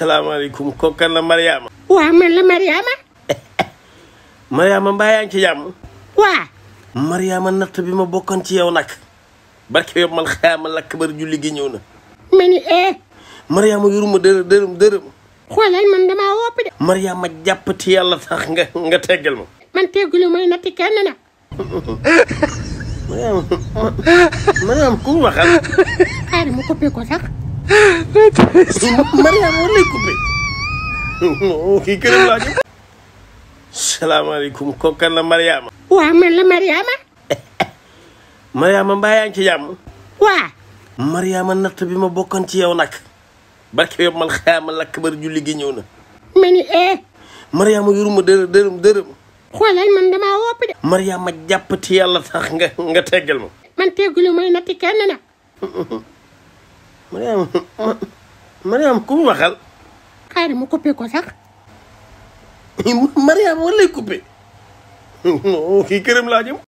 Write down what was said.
salaamaaleykum kooku kan la Mariama. waaw man la Mariama. waa Mariama natt bi ma bokkoon ci yow nag. barke yow man xayaama lakk bari julli gi ñëw na. ma ni eh. Mariama yoruma dërëm dërëm dërëm. xoolal man damaa wopp de. Mariama jàppati yàlla tax nga nga ma. man teggalu may natti kenn na. ku waxal. Mariama war lay coupé kii kan la Mariama waa man la Mariama Mariama mbaa ngi ci jàmm waa Mariama natt bi ma bokkoon ci yow nag barke yow man xaama lakk bar julli gi ñëw na ma ni eh Mariama yoruma dërëm dërëm dërëm xoolal man damaa wopp de Mariama jàppati yàlla tax nga nga ma man teggalu may natti kenn nag Mariama Mariam ku mu waxal. xaari mu coupé ko sax. Mariam war lay coupé. kii këram